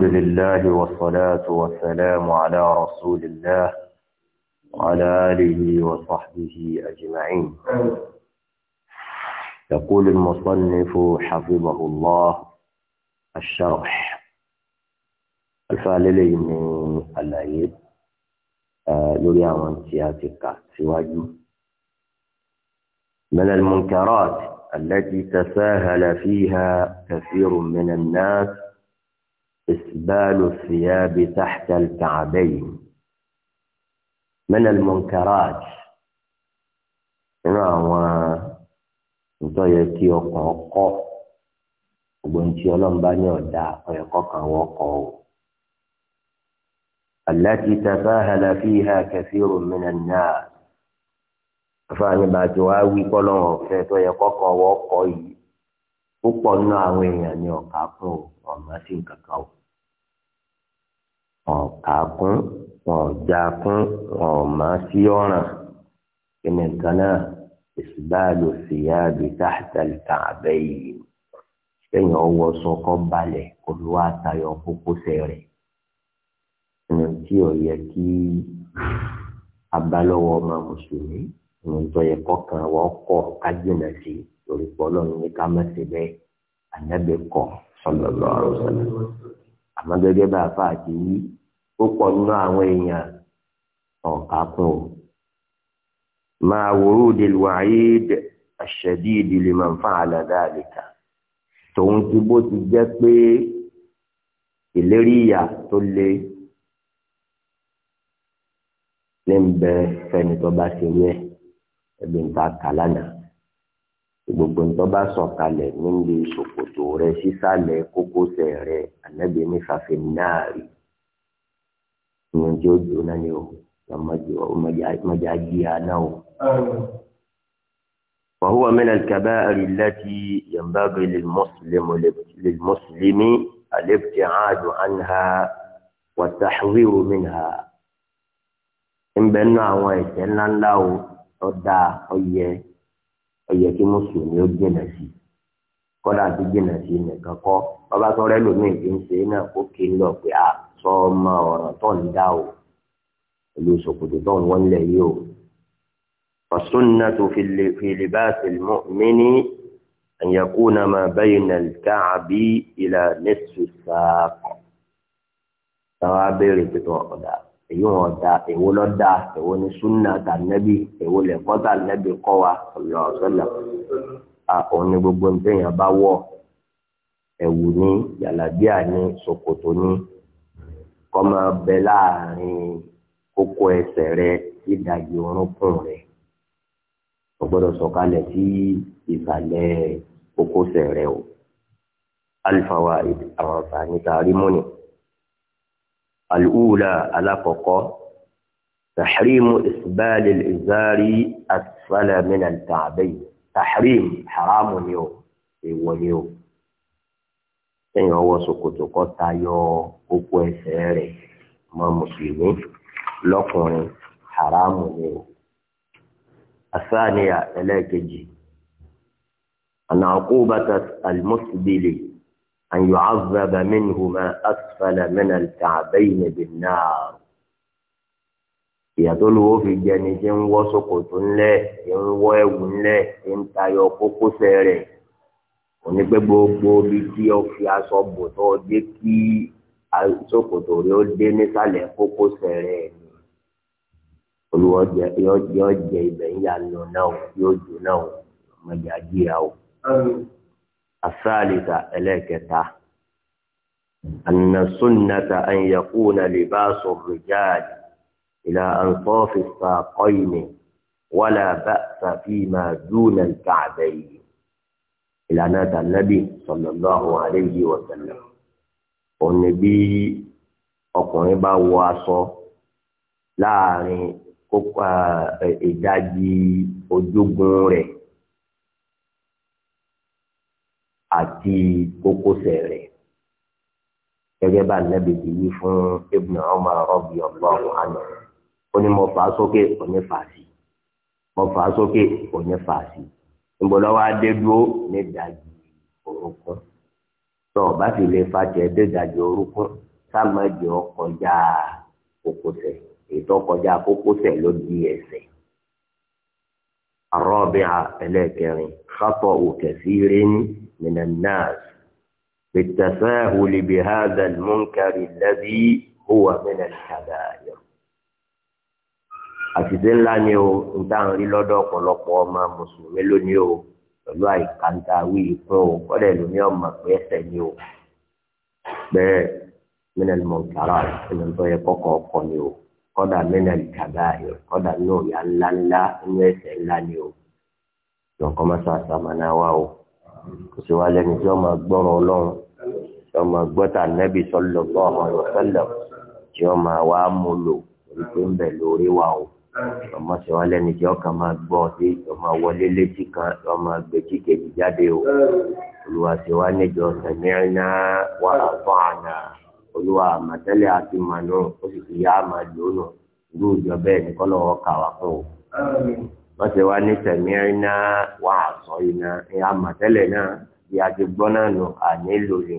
الحمد لله والصلاة والسلام على رسول الله وعلى آله وصحبه أجمعين يقول المصنف حفظه الله الشرح الفاللين لوريا من آه، سياتك سواجه من المنكرات التي تساهل فيها كثير من الناس إسبال الثياب تحت الكعبين من المنكرات إن أوان ضي كيوك وقو التي تفاهل فيها كثير من الناس فأني باتوا أوي كلهم فتوا يقوك وقو وقو نعوين يعني wọn kà á kún wọn já kún wọn má sí ọ̀ràn kíni nǹkan náà ìsìláàlù fìyà bí táàtàlì kàbẹ́ yìí kéèyàn ọwọ́ sọkọ́ balẹ̀ kó ló wá tayọ kókósẹ̀ rẹ̀ ní tí ò yẹ kí abálọ́wọ́ ọmọ mùsùlùmí ní tó yẹ kọ́kàn wọ́n kọ́ kájìnà sí torí pé ní ká bẹ́ẹ̀ ànábẹ́ kọ́ sallallahu àmọ́ gẹ́gẹ́ bá a fà á ti yí ó pọ̀ nínú àwọn èèyàn ọ̀ka kún o. máa wòrú dèlùwàáyéd àṣẹdí ìdílé máa ń fa àlàdà àlèkà tòun ti bó ti jẹ́ pé ìlérí ìyà tó le ní ń bẹ fẹni tó bá ṣe wẹ ẹbí ń ta kàlánà gbogbo ń tó bá sọ̀kalẹ̀ níbi ṣòkòtò rẹ̀ sísàlẹ̀ kókósẹ̀ rẹ̀ ànábì fàfin náà rí ọmọdé ojú náà ni o ọmọdé ajíya náà o. وهو من الكبائر التي ينبغي للمسلم للمسلم الابتعاد عنها والتحذير منها ń bẹ nínú àwọn ẹ̀ṣẹ̀ ńláńlá o ọdá ọyẹ ọyẹ kí mùsùlùmí ó gbìnà sí i kọ́dà tó jìnnà sí nìkan kọ́ bàbá tó rẹ́ lómìn tí ń ṣe é kó kí n lọ pé a sọ ọmọ ọ̀ràn tó ń dá o ìlú sòkòtò tó ń wọ́n lẹ̀ yìí o. فالسنة في لباس المؤمن أن يكون ما بين الكعب إلى نصف الساق tàwa béèrè pẹ̀tọ́ ọ̀dà èyí wọn da èwo lọ da èwo ni sunna tànẹ́bí èwo lẹ̀kọ́ tànẹ́bí kọ́ wa ọ̀lọ́ọ̀sọ́lọ̀ òun ni gbogbo ní téèyàn bá wọ̀ ẹ̀wù ní yàlàbíà ní ṣòkòtò ní kó máa bẹ láàrin kókó ẹsẹ̀ rẹ sí ìdajì orúnkún rẹ kò gbọ́dọ̀ sọ̀kalẹ̀ sí ìsàlẹ̀ kókósẹ̀ rẹ o alifawa àwọn àǹfààní tá a alùwùlà alákọ̀ọ́kọ́ tahrimu isbali al-izari asfala min al tahrim haramu ni o èèwọ̀ ni o ẹ̀yìn ọwọ́ ṣòkòtò kọ́ tayọ oko ẹsẹ̀ rẹ̀ ọmọ mùsùlùmí lọ́kùnrin haramu ni o. asáàníyà ẹlẹ́ẹ̀kejì àná àkóbátà àlùmọ́sibílì an yu'azzaba minhu ma asfala min al bin nar ìyàtọ̀ olówó fi jẹ ni tí ń wọ́ ṣòkòtò ńlẹ̀ tí ń wọ́ ẹ̀wù ńlẹ̀ tí ń tayọ kókósẹ̀ rẹ̀ òní pé gbogbo bí tí o fi aṣọ bò tó o dé kí ṣòkòtò rẹ̀ ó dé nísàlẹ̀ kókósẹ̀ rẹ̀ ni olùwọ́ jẹ yọ jẹ ibẹ̀ ń yà lọ náà o yóò jù náà o ọmọdé àjíra o. asáàlìta ẹlẹ́kẹta. أن السنة أن يكون لباس الرجال إلى أنصاف الساقين ولا بأس فيما دون الكعبين إلى نات النبي صلى الله عليه وسلم والنبي ọkùnrin bá wọ aṣọ láàrin kópa ìdajì ojúgun rẹ̀ àti kókósẹ̀ rẹ̀ gẹ́gẹ́ bá nàbẹ̀dì yìí fún Ibn Umar radiyallahu anhu ó ní mo fà á sókè ó ní fà á sí mo fà á sókè ó ní fà á sí níbo lọ́wọ́ adé dúró ní dàjì orúkún tó o bá sì lè fa tiẹ̀ dé dàjì orúkún ọkọjá kókósẹ̀ ètò ọkọjá kókósẹ̀ ló di ẹsẹ̀ arọ́bìà ẹlẹ́kẹrin kátó kasirin minan nas بالتساهل بهذا المنكر الذي هو من الكبائر àṣìṣe ńlá ni o ń táwọn rí lọ́dọ̀ ọ̀pọ̀lọpọ̀ ọmọ mùsùlùmí lónìí o pẹ̀lú àìkáńtà wí ìpín o kọ́dẹ̀ lómi ọmọ pé ẹsẹ̀ ni o bẹ́ẹ̀ mínẹ́lì mọ̀tàrà ẹ̀nà tó yẹ kọ́kọ́ ọkọ ni o kọ́dà mínẹ́lì kàdá ẹ̀ kọ́dà ní òyà ńláńlá inú ẹsẹ̀ ńlá ni o lọ́kọ́ mọ́sá sàmánà wa o kò sí wa lẹ́ni tí wọ́n máa gbọ́rọ̀ ọlọ́run tí wọ́n máa gbọ́tà nẹ́bì sallallahu alaihi wasallam tí wọ́n máa mú lò orí ń bẹ̀ lórí wa o ọmọ sọ wa lẹni tí ọkàn máa gbọ́ sí ọmọ wọlé létí kan ọmọ gbèjì kejì jáde o olùwà sọ wa níjọ sẹmírínà wà fún àná olùwà màtẹlẹ àti mànú ó sì fi yá máa lónà irú ìjọ bẹ́ẹ̀ ní kọlọ ọkà wà fún o wọn sọ wa ní sẹmírínà wà sọ iná ìyá màtẹlẹ náà bí a ti gbọ́ náà nù àní lòlì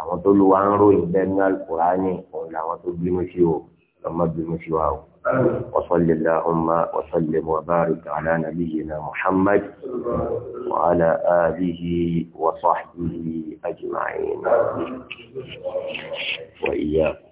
àwọn tó lu wa ń ròyìn bẹ́ẹ̀ ní alukóra ni òun làwọn tó bínú sí o. مد مشواه وصل اللهم وسلم وبارك على نبينا محمد وعلى آله وصحبه أجمعين وإياكم